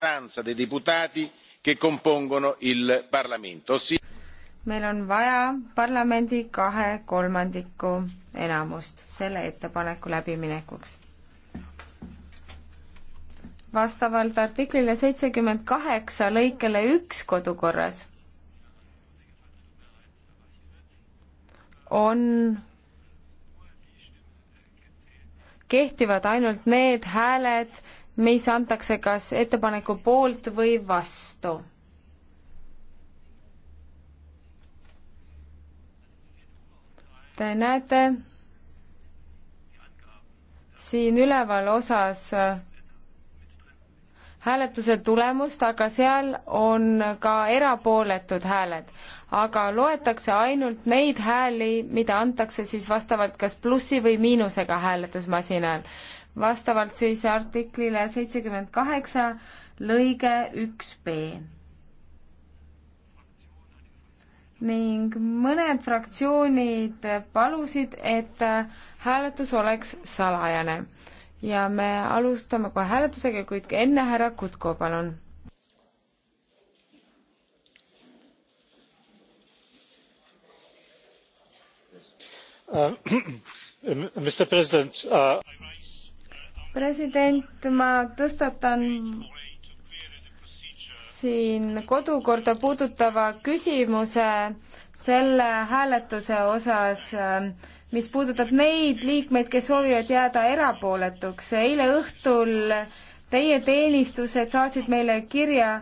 maggioranza dei deputati che compongono il parlamento ossia. meil on vaja parlamendi kahe kolmandiku enamust selle ettepaneku läbiminekuks. vastavalt artiklile seitsekümmend kaheksa lõikele üks kodukorras on kehtivad ainult need hääled, mis antakse kas ettepaneku poolt või vastu. Te näete siin üleval osas äh, hääletuse tulemust, aga seal on ka erapooletud hääled. aga loetakse ainult neid hääli, mida antakse siis vastavalt kas plussi või miinusega hääletusmasinal vastavalt siis artiklile seitsekümmend kaheksa lõige üks B. ning mõned fraktsioonid palusid, et hääletus oleks salajane ja me alustame kohe hääletusega, kuid enne härra Kutko, palun uh,. Uh president, ma tõstatan siin kodukorda puudutava küsimuse selle hääletuse osas, mis puudutab neid liikmeid, kes soovivad jääda erapooletuks. eile õhtul teie teenistused saatsid meile kirja,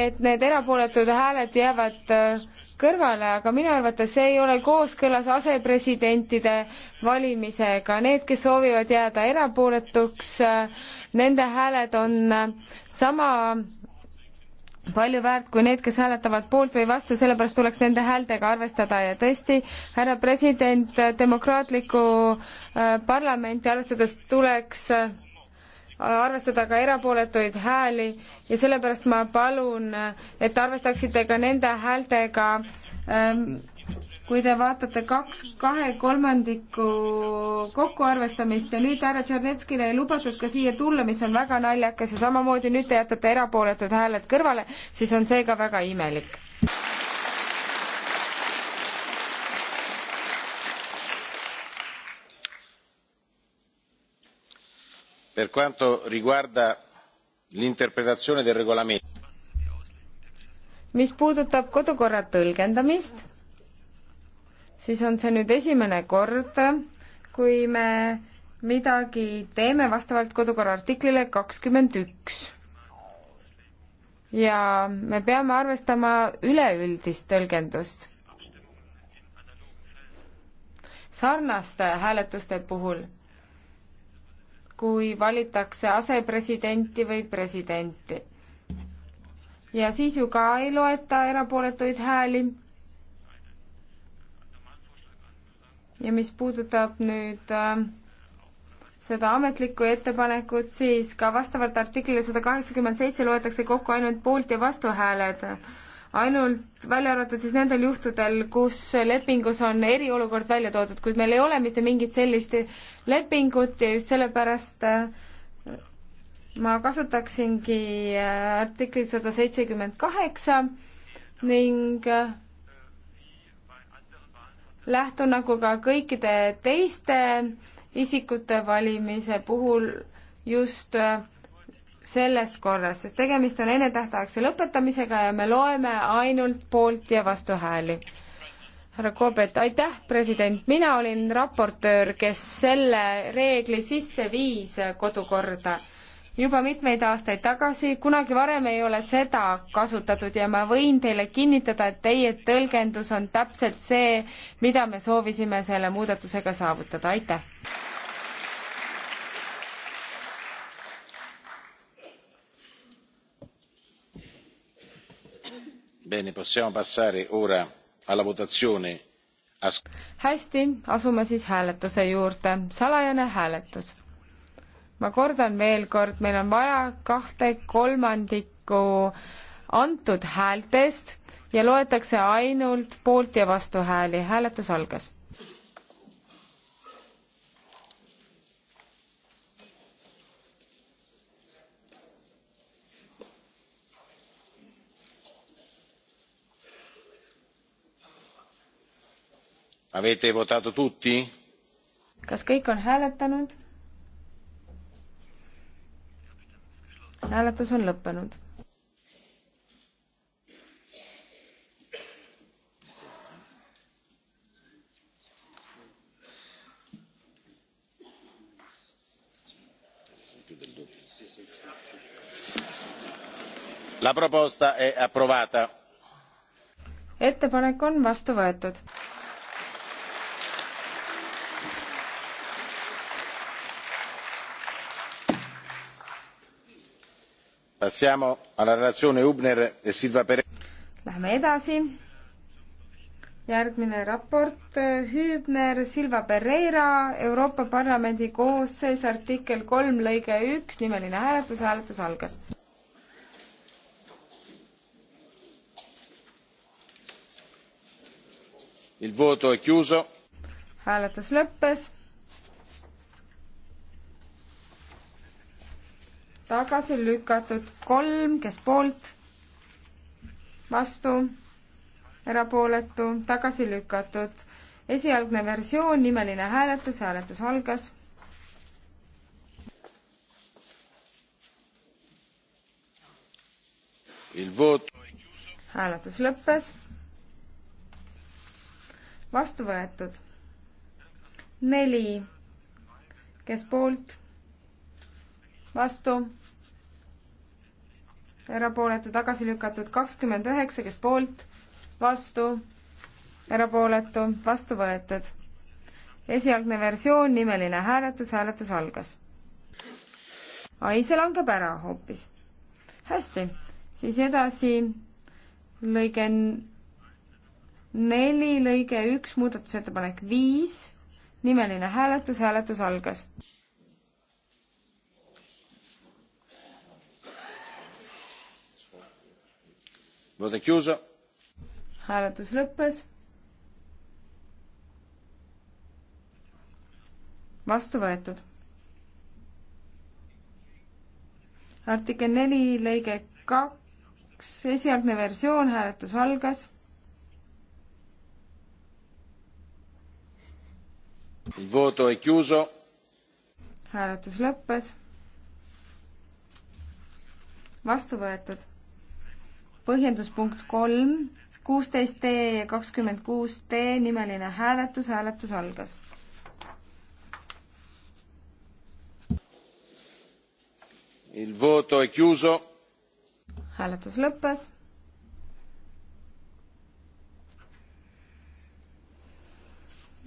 et need erapooletud hääled jäävad kõrvale, aga minu arvates see ei ole kooskõlas asepresidentide valimisega. Need, kes soovivad jääda erapooletuks, nende hääled on sama palju väärt kui need, kes hääletavad poolt või vastu, sellepärast tuleks nende häältega arvestada ja tõesti, härra president, demokraatlikku äh, parlamenti arvestades tuleks äh, arvestada ka erapooletuid hääli ja sellepärast ma palun, et arvestaksite ka nende häältega, ähm, kui te vaatate kaks, kahe kolmandiku kokkuarvestamist ja nüüd härra Tšernetskile ei lubatud ka siia tulla, mis on väga naljakas ja samamoodi nüüd te jätate erapooletud hääled kõrvale, siis on see ka väga imelik. per quanto riguarda l'interpretazione del regolamento mis puudutab kodukorra tõlgendamist siis on see nüüd esimene kord kui me midagi teeme vastavalt kodukorra artiklile kakskümmend üks ja me peame arvestama üleüldist tõlgendust sarnaste hääletuste puhul kui valitakse asepresidenti või presidenti. ja siis ju ka ei loeta erapooletuid hääli. ja mis puudutab nüüd äh, seda ametlikku ettepanekut, siis ka vastavalt artiklile sada kaheksakümmend seitse loetakse kokku ainult poolt- ja vastuhääled ainult välja arvatud siis nendel juhtudel, kus lepingus on eriolukord välja toodud, kuid meil ei ole mitte mingit sellist lepingut ja just sellepärast äh, ma kasutaksingi äh, artiklit sada seitsekümmend kaheksa ning äh, lähtun nagu ka kõikide teiste isikute valimise puhul just äh, selles korras, sest tegemist on ennetähtaegse lõpetamisega ja me loeme ainult poolt- ja vastuhääli. härra Koobet, aitäh, president, mina olin raportöör, kes selle reegli sisse viis kodukorda juba mitmeid aastaid tagasi, kunagi varem ei ole seda kasutatud ja ma võin teile kinnitada, et teie tõlgendus on täpselt see, mida me soovisime selle muudatusega saavutada, aitäh! Bene, possiamo passare ora alla votazione. As... hästi, asume siis hääletuse juurde. salajane hääletus. ma kordan veel kord, meil on vaja kahte kolmandikku antud häältest ja loetakse ainult poolt ja vastuhääli. hääletus algas avete votato tutti? kas kõik on hääletanud? hääletus on lõppenud. La proposta è approvata. Ettepanek on vastu võetud. E Läheme edasi. järgmine raport, Hübner, Silva Pereira, Euroopa Parlamendi koosseis, artikkel kolm lõige üks, nimeline hääletus, hääletus algas. hääletus lõppes tagasi lükatud kolm, kes poolt, vastu, erapooletu, tagasi lükatud. esialgne versioon, nimeline hääletus, hääletus algas. hääletus lõppes. vastu võetud neli, kes poolt vastu, erapooletu tagasi lükatud kakskümmend üheksa, kes poolt, vastu, erapooletu, vastu võetud. esialgne versioon, nimeline hääletus, hääletus algas. ai, see langeb ära hoopis. hästi, siis edasi lõige neli, lõige üks, muudatusettepanek viis, nimeline hääletus, hääletus algas hääletus lõppes. vastu võetud. artikkel neli lõige kaks, esialgne versioon, hääletus algas. hääletus lõppes. vastu võetud põhjenduspunkt kolm, kuusteist D ja kakskümmend kuus D nimeline hääletus, hääletus algas. hääletus lõppes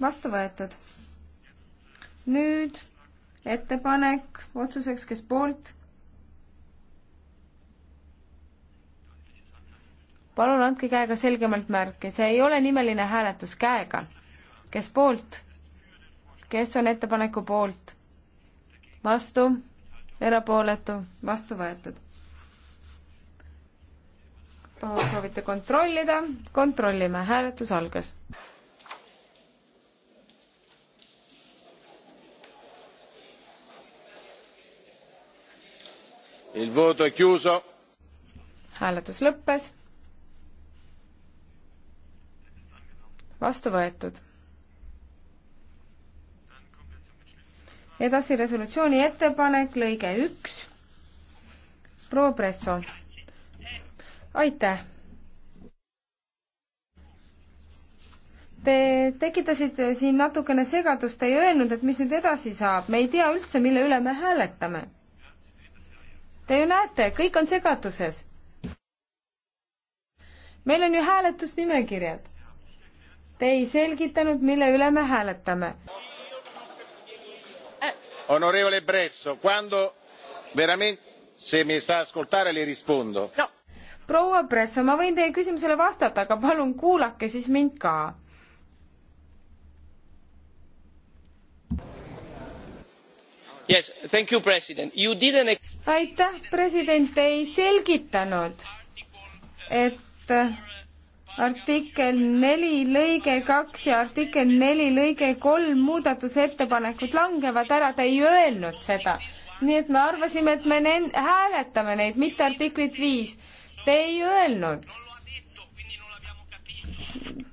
vastu võetud. nüüd ettepanek otsuseks, kes poolt, palun andke käega selgemalt märke, see ei ole nimeline hääletus käega. kes poolt? kes on ettepaneku poolt? vastu? erapooletu? vastu võetud? soovite kontrollida? kontrollime, hääletus algas. hääletus lõppes vastu võetud. edasi resolutsiooni ettepanek, lõige üks. proua Presso. aitäh. Te tekitasite siin natukene segadust, te ei öelnud, et mis nüüd edasi saab, me ei tea üldse, mille üle me hääletame. Te ju näete, kõik on segaduses. meil on ju hääletusnimekirjad Te ei selgitanud, mille üle me hääletame. Onorevole Bresso, quando veramente se mi sa ascoltare le rispondo no.. proua Bresso, ma võin teie küsimusele vastata, aga palun kuulake siis mind ka Yes, you, president. You aitäh president te ei selgitanud et artikkel neli lõige kaks ja artikkel neli lõige kolm muudatusettepanekud langevad ära, te ei öelnud seda. nii et me arvasime, et me ne-, hääletame neid, mitte artiklit viis. Te ei öelnud.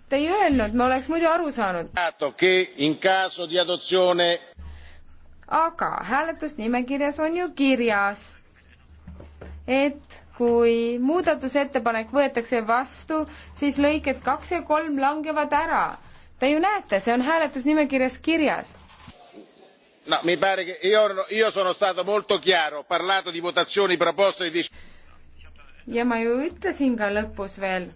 Te ei öelnud, ma oleks muidu aru saanud. aga hääletusnimekirjas on ju kirjas, et kui muudatusettepanek võetakse vastu, siis lõiked kaks ja kolm langevad ära. Te ju näete, see on hääletusnimekirjas kirjas. No, mi pare che io, io sono stato molto chiaro, ho parlato di votazioni proposte e di... ja ma ju ütlesin ka lõpus veel,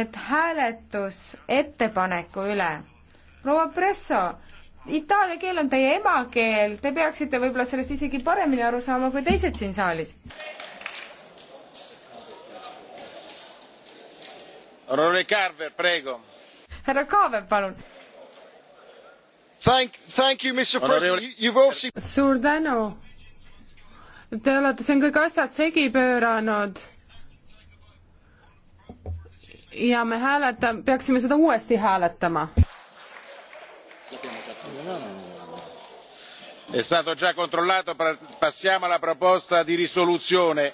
et hääletus ettepaneku üle. proua Presso, itaalia keel on teie emakeel, te peaksite võib-olla sellest isegi paremini aru saama kui teised siin saalis. härra carver palun! suur tänu! te olete siin kõik asjad segi pööranud ja me hääletame, peaksime seda uuesti hääletama. È stato già controllato, passiamo alla proposta di risoluzione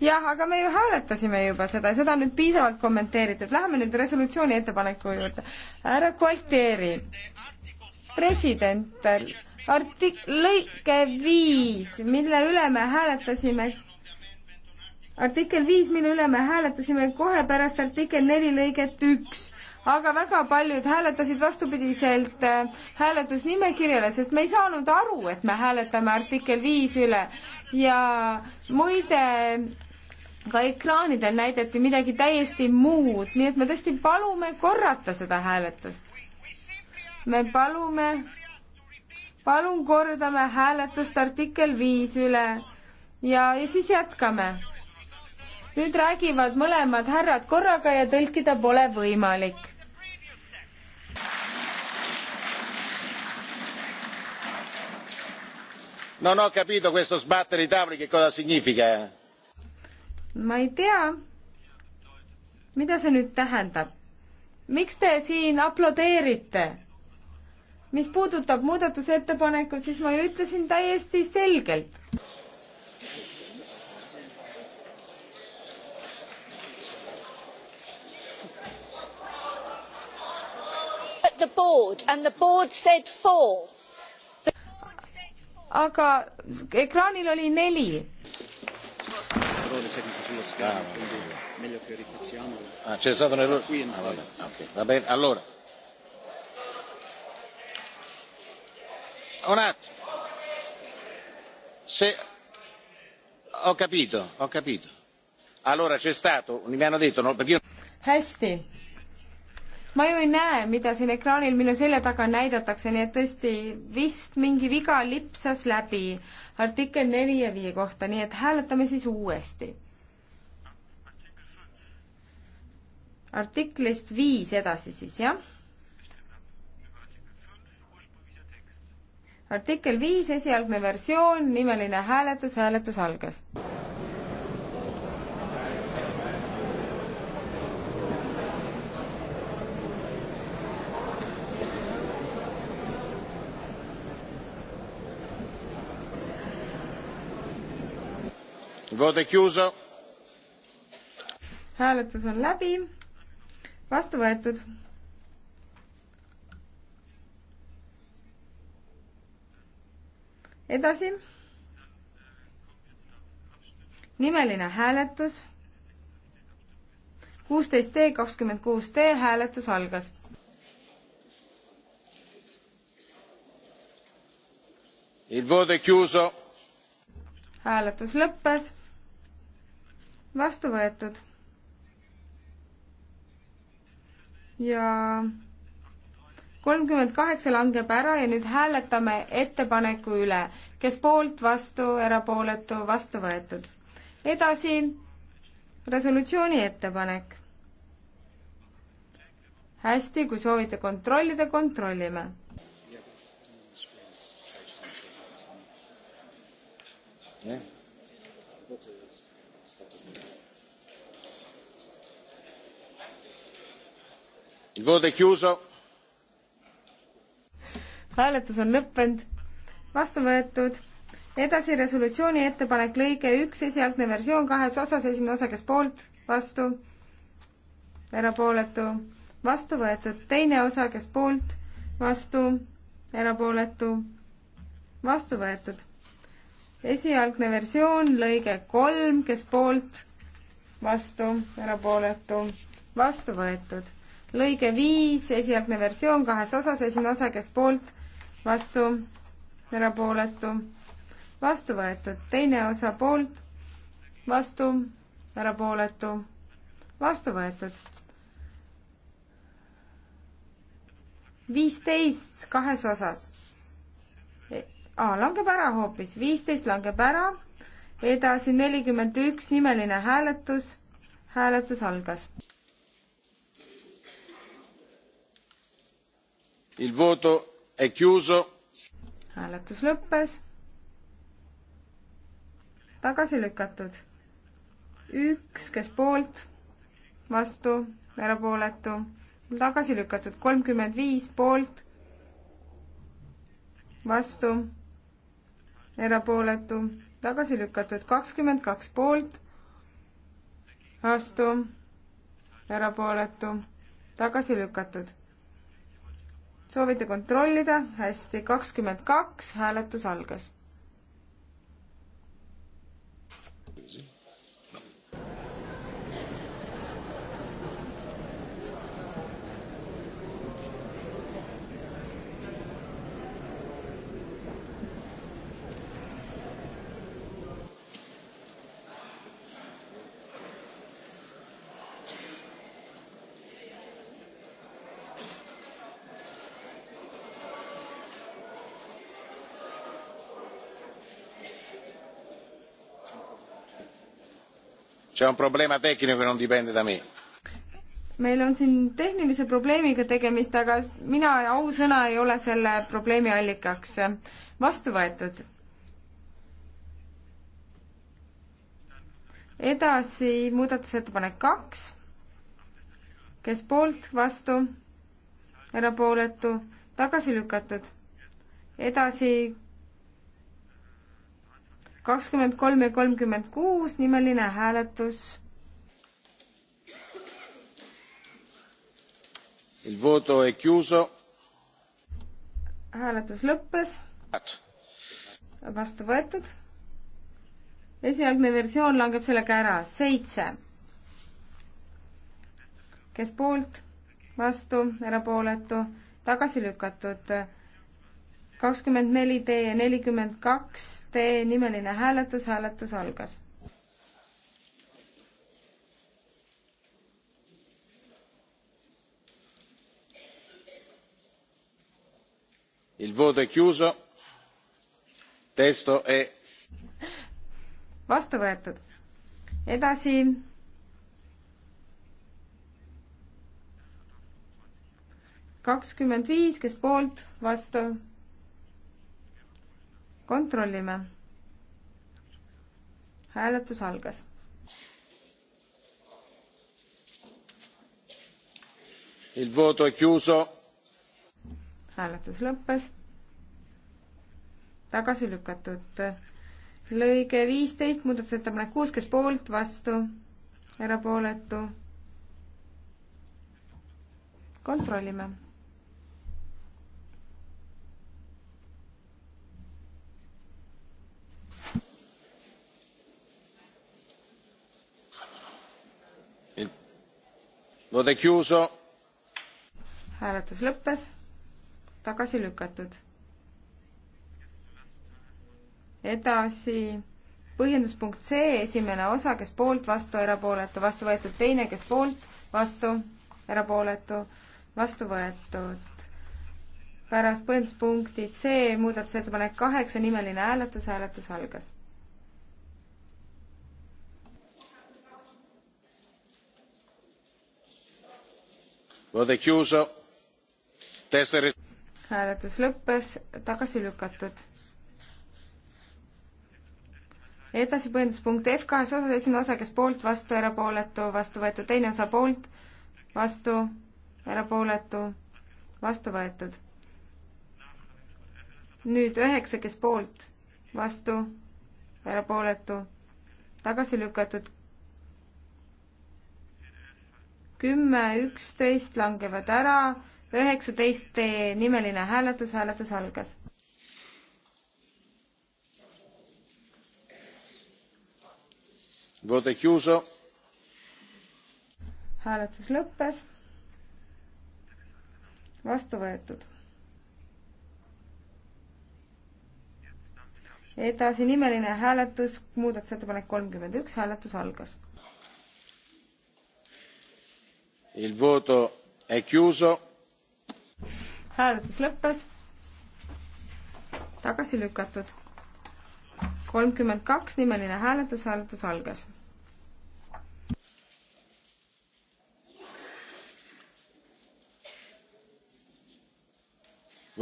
jah, aga me ju hääletasime juba seda ja seda on nüüd piisavalt kommenteeritud. Läheme nüüd resolutsiooni ettepaneku juurde. härra Gualtieri, president, artik-, lõike viis, mille üle me hääletasime, artikkel viis, mille üle me hääletasime kohe pärast artikkel neli lõiget üks aga väga paljud hääletasid vastupidiselt äh, hääletusnimekirjale, sest me ei saanud aru, et me hääletame artikkel viis üle ja muide ka ekraanidel näidati midagi täiesti muud, nii et me tõesti palume korrata seda hääletust. me palume, palun kordame hääletust artikkel viis üle ja, ja siis jätkame. nüüd räägivad mõlemad härrad korraga ja tõlkida pole võimalik. Non ho capito questo sbattere i tavoli che cosa significa ma ei tea, mida see nüüd tähendab. miks te siin aplodeerite? mis puudutab muudatusettepanekut, siis ma ju ütlesin täiesti selgelt. The board and the board said four. The... aga ekraanil oli neli seguito sullo schermo, ah, quindi è meglio che ripetiamo. Ah, c'è stato un errore? Qui ah, vabbè. Okay. Va bene, allora. Un attimo. Se... Ho capito, ho capito. Allora c'è stato, mi hanno detto, no, perché io... hästi, ma ju ei näe, mida siin ekraanil minu selja taga näidatakse, nii et tõesti vist mingi viga lipsas läbi artikkel neli ja viie kohta, nii et hääletame siis uuesti artiklist viis edasi siis, jah? artikkel viis, esialgne versioon, nimeline hääletus, hääletus algas. hääletus on läbi vastu võetud. edasi. nimeline hääletus. kuusteist D, kakskümmend kuus D hääletus algas. hääletus lõppes. vastu võetud ja kolmkümmend kaheksa langeb ära ja nüüd hääletame ettepaneku üle, kes poolt, vastu, erapooletu, vastu võetud. edasi resolutsiooni ettepanek. hästi, kui soovite kontrollida, kontrollime jah yeah.. hääletus on lõppenud, vastu võetud, edasi resolutsiooni ettepanek lõige üks, esialgne versioon kahes osas, esimene osa, kes poolt, vastu, erapooletu, vastu võetud, teine osa, kes poolt, vastu, erapooletu, vastu võetud. esialgne versioon, lõige kolm, kes poolt, vastu, erapooletu, vastu võetud lõige viis, esialgne versioon kahes osas, esimene osa, kes poolt, vastu, erapooletu, vastu võetud, teine osa poolt, vastu, erapooletu, vastu võetud. viisteist kahes osas ah,, langeb ära hoopis, viisteist langeb ära, edasi nelikümmend üks nimeline hääletus, hääletus algas. il voto è chiuso hääletus lõppes tagasi lükatud üks kes poolt vastu erapooletu tagasi lükatud kolmkümmend viis poolt vastu erapooletu tagasi lükatud kakskümmend kaks poolt vastu erapooletu tagasi lükatud soovite kontrollida? hästi, kakskümmend kaks, hääletus algas. c'è un problema tecnico che non dipende da me meil on siin tehnilise probleemiga tegemist, aga mina ausõna ei ole selle probleemi allikaks. vastu võetud. edasi muudatusettepanek kaks. kes poolt, vastu, erapooletu, tagasi lükatud. edasi kakskümmend kolm ja kolmkümmend kuus, nimeline hääletus. hääletus lõppes. vastu võetud. esialgne versioon langeb sellega ära, seitse. kes poolt, vastu, erapooletu, tagasi lükatud kakskümmend neli D ja nelikümmend kaks D nimeline hääletus, hääletus algas. Il voto è chiuso. Testo è vastu võetud. edasi. kakskümmend viis, kes poolt, vastu kontrollime. hääletus algas. hääletus lõppes. tagasi lükatud. lõige viisteist, muudatusettepanek kuus, kes poolt, vastu, erapooletu. kontrollime hääletus lõppes. tagasi lükatud. edasi põhjenduspunkt C, esimene osa, kes poolt, vastu, erapooletu, vastu võetud, teine, kes poolt, vastu, erapooletu, vastu võetud. pärast põhjenduspunkti C muudatusettepanek kaheksa, nimeline hääletus, hääletus algas hääletus lõppes, tagasi lükatud. edasi põhjenduspunkt F kahes osas, esimene osa, kes poolt, vastu, erapooletu, vastu võetud, teine osa poolt, vastu, erapooletu, vastu võetud. nüüd üheksa, kes poolt, vastu, erapooletu, tagasi lükatud, kümme, üksteist langevad ära, üheksateist teie nimeline hääletus, hääletus algas. hääletus lõppes. vastu võetud. edasi nimeline hääletus, muudatusettepanek kolmkümmend üks, hääletus algas il voto è chiuso hääletus lõppes tagasi lükatud kolmkümmend kaks nimeline hääletus hääletus algas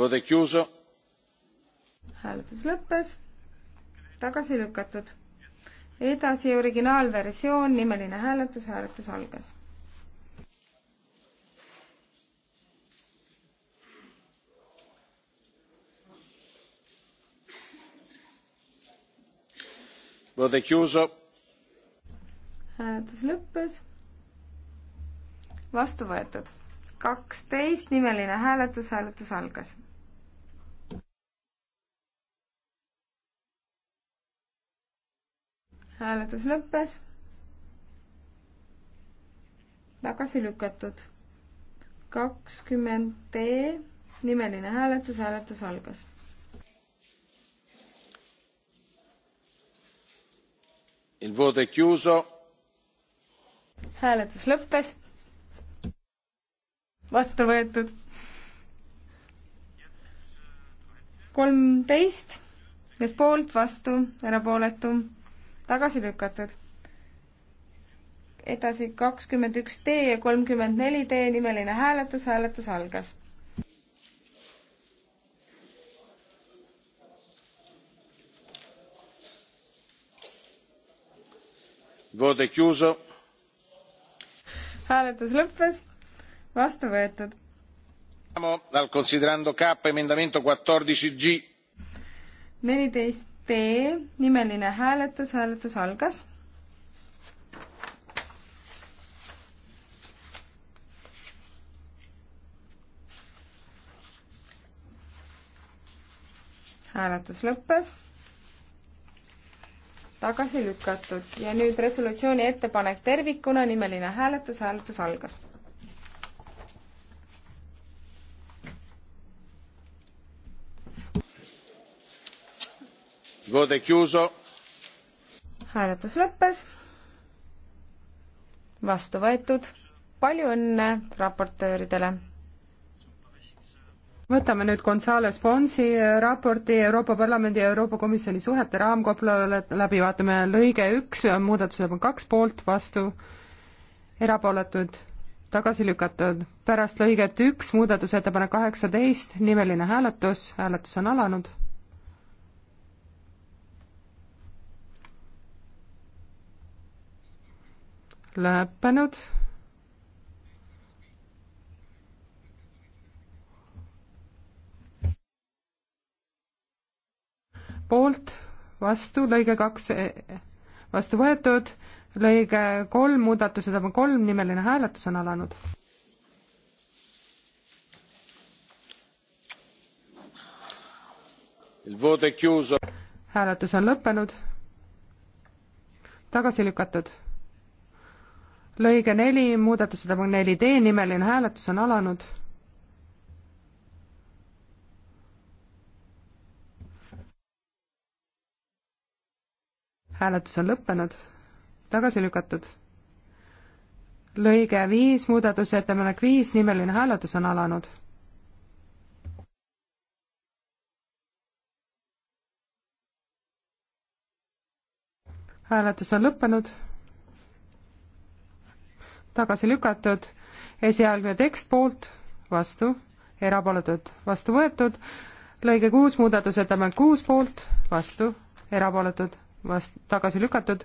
voto è chiuso hääletus lõppes tagasi lükatud edasi originaalversioon nimeline hääletus hääletus algas hääletus lõppes. vastu võetud. kaksteist nimeline hääletus, hääletus algas. hääletus lõppes. tagasi lükatud. kakskümmend D nimeline hääletus, hääletus algas il voto è chiuso hääletus lõppes vastu võetud kolmteist kes poolt vastu erapooletu tagasi lükatud edasi kakskümmend üks D ja kolmkümmend neli D nimeline hääletus hääletus algas hääletus lõppes vastu võetud al considerando k emendamento 14 g 14 b nimeline hääletus hääletus algas hääletus lõppes tagasi lükatud ja nüüd resolutsiooni ettepanek tervikuna, nimeline hääletus, hääletus algas. hääletus lõppes. vastu võetud. palju õnne raportööridele võtame nüüd Gonzales Fonsi eh, raporti Euroopa Parlamendi ja Euroopa Komisjoni suhete raamkoplale läbi, vaatame lõige üks, muudatused on kaks poolt, vastu, erapooletud, tagasi lükatud. pärast lõiget üks, muudatusettepanek kaheksateist, nimeline hääletus, hääletus on alanud lõppenud poolt, vastu, lõige kaks e, vastu võetud, lõige kolm, muudatusettepanek kolm, nimeline hääletus on alanud. hääletus on lõppenud. tagasi lükatud. lõige neli, muudatusettepanek neli D, nimeline hääletus on alanud hääletus on lõppenud, tagasi lükatud. lõige viis, muudatusettepanek viis, nimeline hääletus on alanud. hääletus on lõppenud, tagasi lükatud, esialgne tekst poolt, vastu, erapooletud, vastu võetud, lõige kuus, muudatusettepanek kuus poolt, vastu, erapooletud, vast-, tagasi lükatud.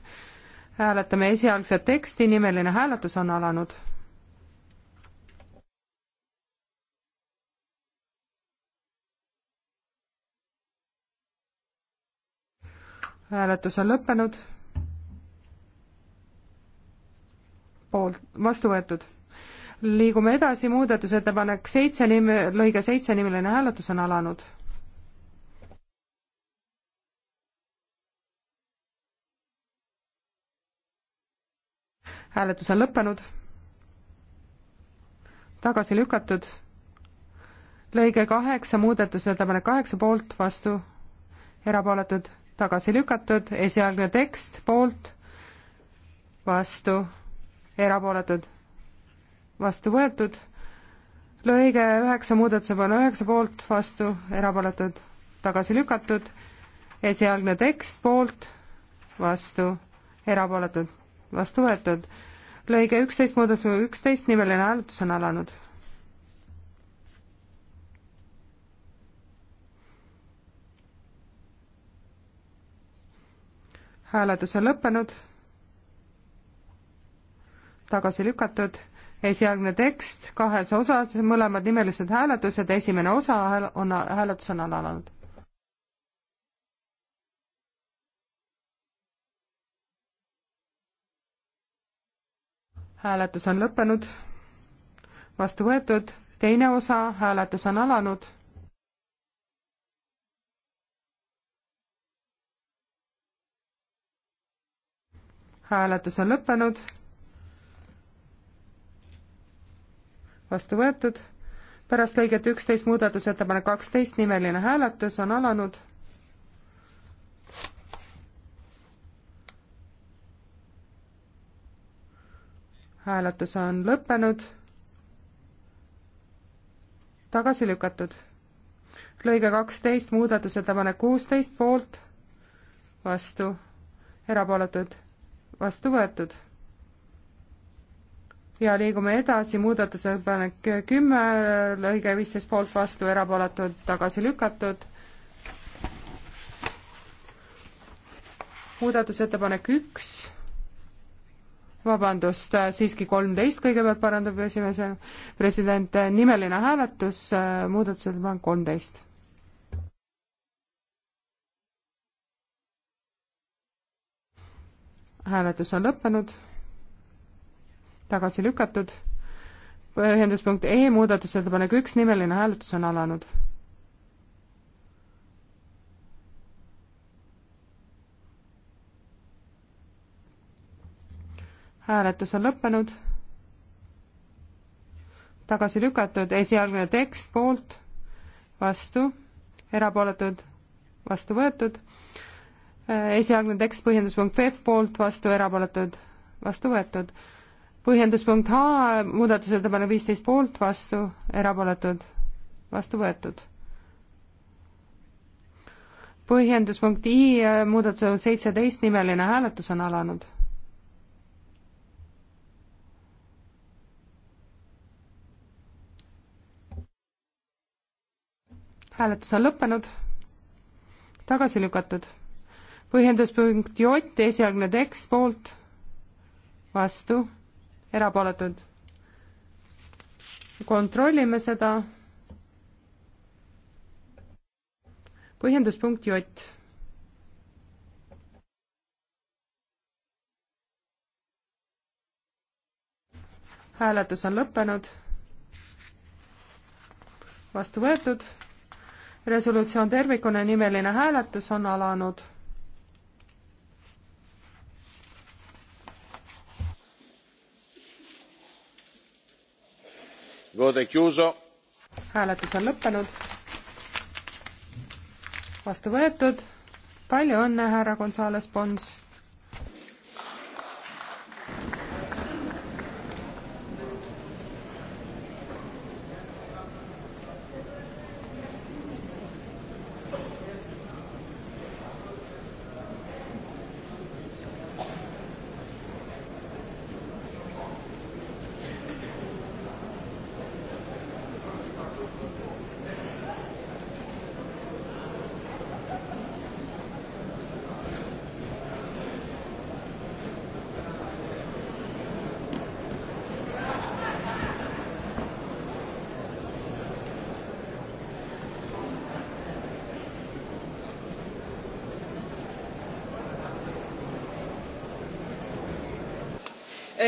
hääletame esialgset teksti, nimeline hääletus on alanud. hääletus on lõppenud. poolt, vastu võetud. liigume edasi, muudatusettepanek seitse nime, lõige seitse nimeline hääletus on alanud hääletus on lõppenud, tagasi lükatud, lõige kaheksa, muudatusettepanek kaheksa poolt, vastu, erapooletud, tagasi lükatud, esialgne tekst poolt, vastu, erapooletud, vastu võetud, lõige üheksa, muudatusettepanek üheksa poolt, vastu, erapooletud, tagasi lükatud, esialgne tekst poolt, vastu, erapooletud vastu võetud. lõige üksteist, muudatus üksteist, nimeline hääletus on alanud. hääletus on lõppenud, tagasi lükatud, esialgne tekst kahes osas, mõlemad nimelised hääletused, esimene osa on, hääletus on alanud hääletus on lõppenud, vastu võetud, teine osa, hääletus on alanud. hääletus on lõppenud, vastu võetud, pärast lõiget üksteist muudatusettepanek kaksteist nimeline hääletus on alanud hääletus on lõppenud, tagasi lükatud. lõige kaksteist, muudatusettepanek kuusteist, poolt, vastu, erapooletud, vastu võetud. ja liigume edasi, muudatusettepanek kümme, lõige viisteist, poolt, vastu, erapooletud, tagasi lükatud. muudatusettepanek üks vabandust, äh, siiski kolmteist kõigepealt parandab esimese president, äh, nimeline hääletus, äh, muudatusettepanek kolmteist. hääletus on lõppenud, tagasi lükatud, põhjenduspunkt E muudatusettepanek üks, nimeline hääletus on alanud hääletus on lõppenud. tagasi lükatud, esialgne tekst poolt, vastu, erapooletud, vastu võetud. esialgne tekst põhjenduspunkt F poolt, vastu, erapooletud, vastu võetud. põhjenduspunkt H, muudatusettepanek viisteist poolt, vastu, erapooletud, vastu võetud põhjenduspunkt I muudatusel seitseteist nimeline hääletus on alanud hääletus on lõppenud, tagasi lükatud. põhjenduspunkt J, esialgne tekst, poolt, vastu, erapooletud. kontrollime seda. põhjenduspunkt J hääletus on lõppenud. vastu võetud resolutsioon tervikuna nimeline hääletus on alanud. hääletus on lõppenud. vastu võetud. palju õnne, härra Gonzales Pons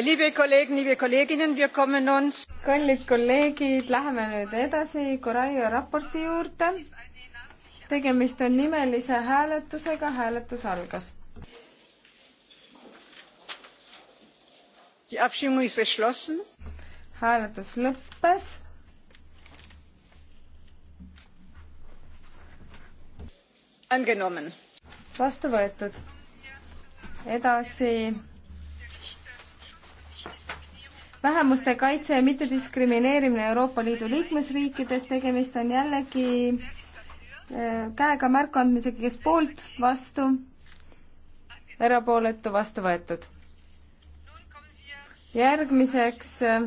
kallid kolleegid, läheme nüüd edasi Coraio raporti juurde. tegemist on nimelise hääletusega, hääletus algas. hääletus lõppes. vastu võetud. edasi vähemuste kaitse ja mittediskrimineerimine Euroopa Liidu liikmesriikides, tegemist on jällegi äh, käega märkuandmisega, kes poolt, vastu, erapooletu, vastu võetud. järgmiseks äh,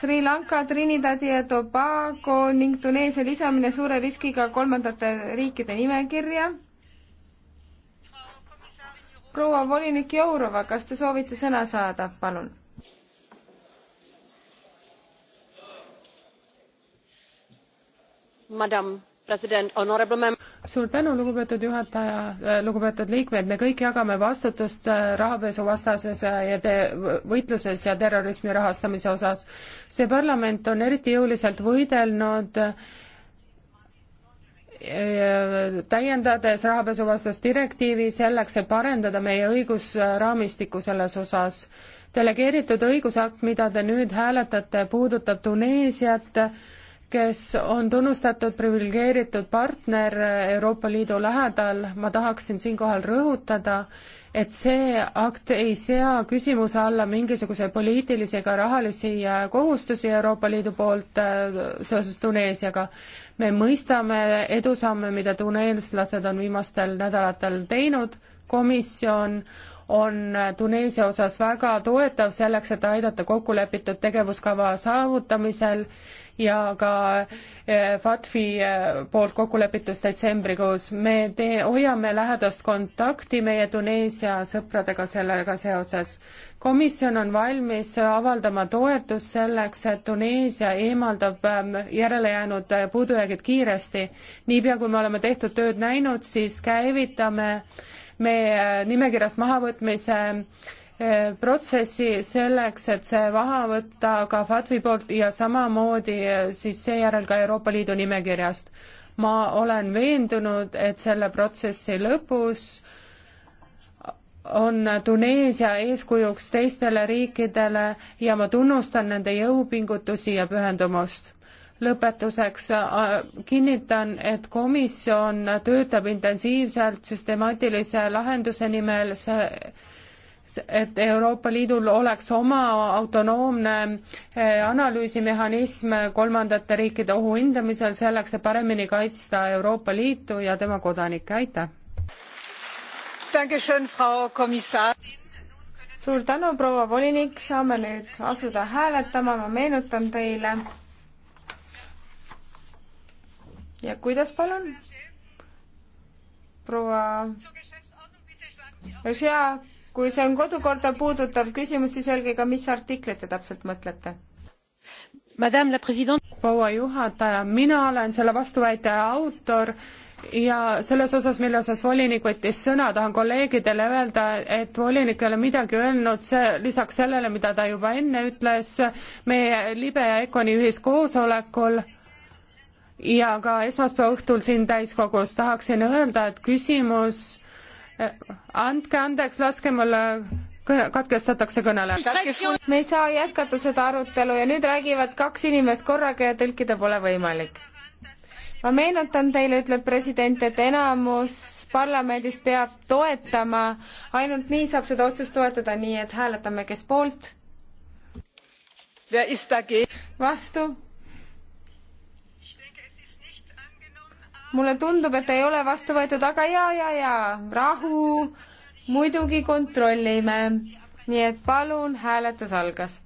Sri Lanka, Trinidadi ja Tobago ning Tuneesia lisamine suure riskiga kolmandate riikide nimekirja. proua volinik Jourova, kas te soovite sõna saada, palun? suur tänu, lugupeetud juhataja, äh, lugupeetud liikmed, me kõik jagame vastutust äh, rahapesuvastases äh, ja te-, võitluses ja terrorismi rahastamise osas. see parlament on eriti jõuliselt võidelnud täiendades rahapesuvastast direktiivi selleks, et parendada meie õigusraamistikku selles osas. delegeeritud õigusakt, mida te nüüd hääletate, puudutab Tuneesiat, kes on tunnustatud priviligeeritud partner Euroopa Liidu lähedal, ma tahaksin siinkohal rõhutada, et see akt ei sea küsimuse alla mingisuguse poliitilisi ega rahalisi äh, kohustusi Euroopa Liidu poolt äh, seoses Tuneesiaga. me mõistame edusamme, mida tuneeslased on viimastel nädalatel teinud, komisjon on Tuneesia osas väga toetav selleks, et aidata kokkulepitud tegevuskava saavutamisel ja ka eh, FATF-i eh, poolt kokkulepitus detsembrikuus. me tee-, hoiame lähedast kontakti meie Tuneesia sõpradega sellega seoses. komisjon on valmis avaldama toetust selleks, et Tuneesia eemaldab eh, järelejäänud puudujäägid kiiresti. niipea, kui me oleme tehtud tööd näinud, siis käivitame äh, me äh, nimekirjast mahavõtmise äh, protsessi selleks, et see maha võtta ka FATF-i poolt ja samamoodi äh, siis seejärel ka Euroopa Liidu nimekirjast. ma olen veendunud, et selle protsessi lõpus on Tuneesia eeskujuks teistele riikidele ja ma tunnustan nende jõupingutusi ja pühendumust lõpetuseks äh, kinnitan, et komisjon töötab intensiivselt süstemaatilise lahenduse nimel, see et Euroopa Liidul oleks oma autonoomne äh, analüüsimehhanism kolmandate riikide ohu hindamisel selleks, et paremini kaitsta Euroopa Liitu ja tema kodanikke, aitäh! suur tänu, proua volinik, saame nüüd asuda hääletama, ma meenutan teile, ja kuidas, palun? proua Žea, kui see on kodukorda puudutav küsimus, siis öelge ka, mis artiklit te täpselt mõtlete? proua juhataja, mina olen selle vastuväite autor ja selles osas, mille osas volinik võttis sõna, tahan kolleegidele öelda, et volinik ei ole midagi öelnud, see lisaks sellele, mida ta juba enne ütles meie libe ja Econi ühiskoosolekul ja ka esmaspäeva õhtul siin täiskogus tahaksin öelda, et küsimus, eh, andke andeks, laske mulle katkestatakse kõnele. me ei saa jätkata seda arutelu ja nüüd räägivad kaks inimest korraga ja tõlkida pole võimalik. ma meenutan teile, ütleb president, et enamus parlamendis peab toetama, ainult nii saab seda otsust toetada, nii et hääletame, kes poolt. vastu mulle tundub, et ei ole vastu võetud, aga ja, ja, ja rahu, muidugi kontrollime. nii et palun, hääletus algas.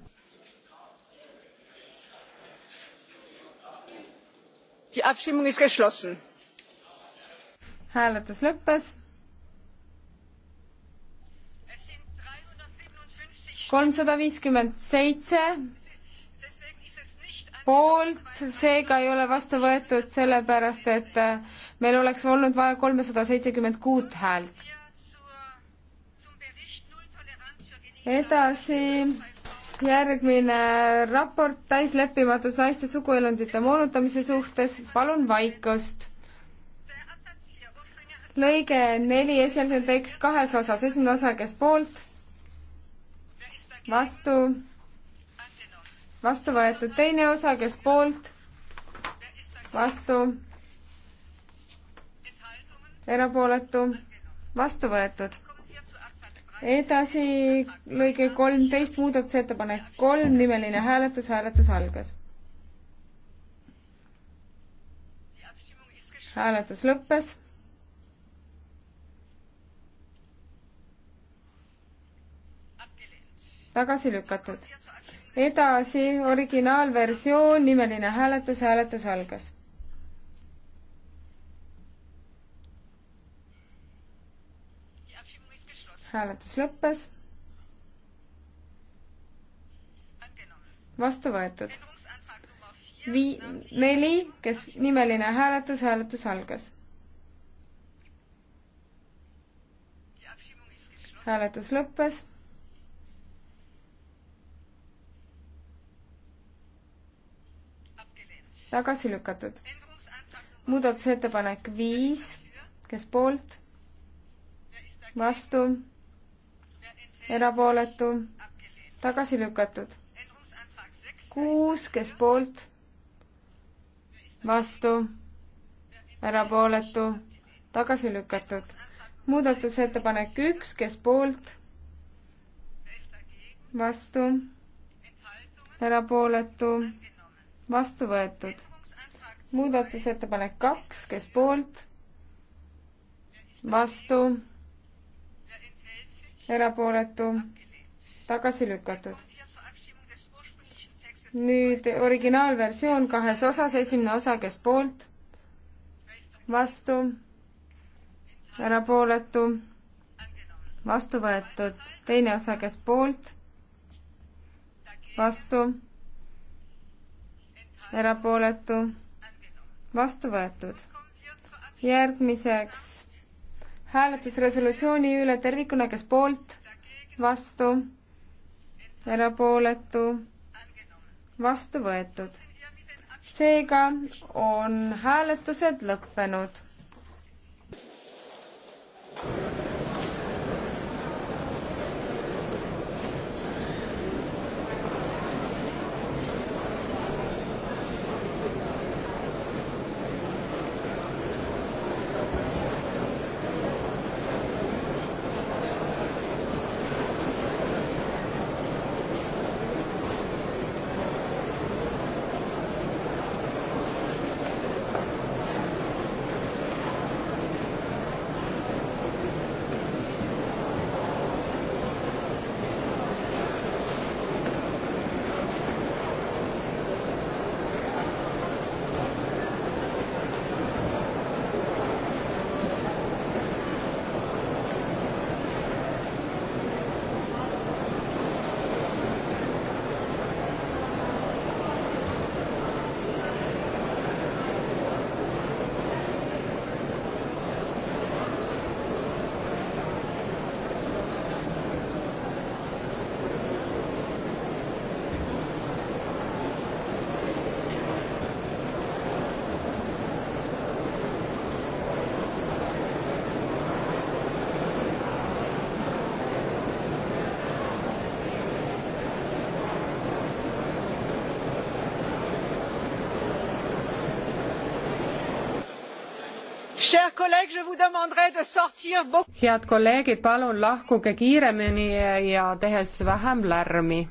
hääletus lõppes. kolmsada viiskümmend seitse poolt, seega ei ole vastu võetud sellepärast, et äh, meil oleks olnud vaja kolmesada seitsekümmend kuut häält. edasi järgmine raport täisleppimatus naiste suguelundite moonutamise suhtes, palun vaikust. lõige neli, esialgne tekst kahes osas, esimene osa, kes poolt, vastu vastu võetud teine osa, kes poolt, vastu, erapooletu, vastu võetud. edasi lõige kolmteist, muudatusettepanek kolm, nimeline hääletus, hääletus algas. hääletus lõppes tagasi lükatud edasi, originaalversioon, nimeline hääletus, hääletus algas. hääletus lõppes. vastu võetud. Vii-, neli, kes nimeline hääletus, hääletus algas. hääletus lõppes tagasi lükatud. muudatusettepanek viis, kes poolt, vastu, erapooletu, tagasi lükatud. kuus, kes poolt, vastu, erapooletu, tagasi lükatud. muudatusettepanek üks, kes poolt, vastu, erapooletu, vastu võetud. muudatusettepanek kaks, kes poolt? vastu? erapooletu? tagasi lükatud. nüüd originaalversioon kahes osas, esimene osa, kes poolt? vastu? erapooletu? vastu võetud, teine osa, kes poolt? vastu? erapooletu, vastu võetud. järgmiseks hääletus resolutsiooni üle tervikuna, kes poolt, vastu, erapooletu, vastu võetud. seega on hääletused lõppenud head kolleegid, palun lahkuge kiiremini ja tehes vähem lärmi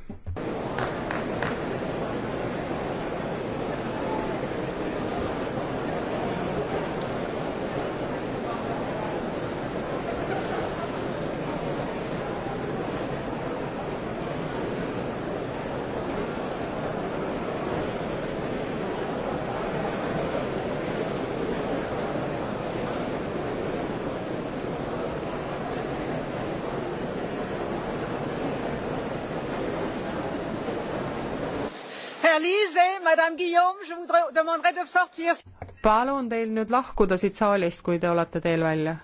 palun teil nüüd lahkuda siit saalist, kui te olete teel välja.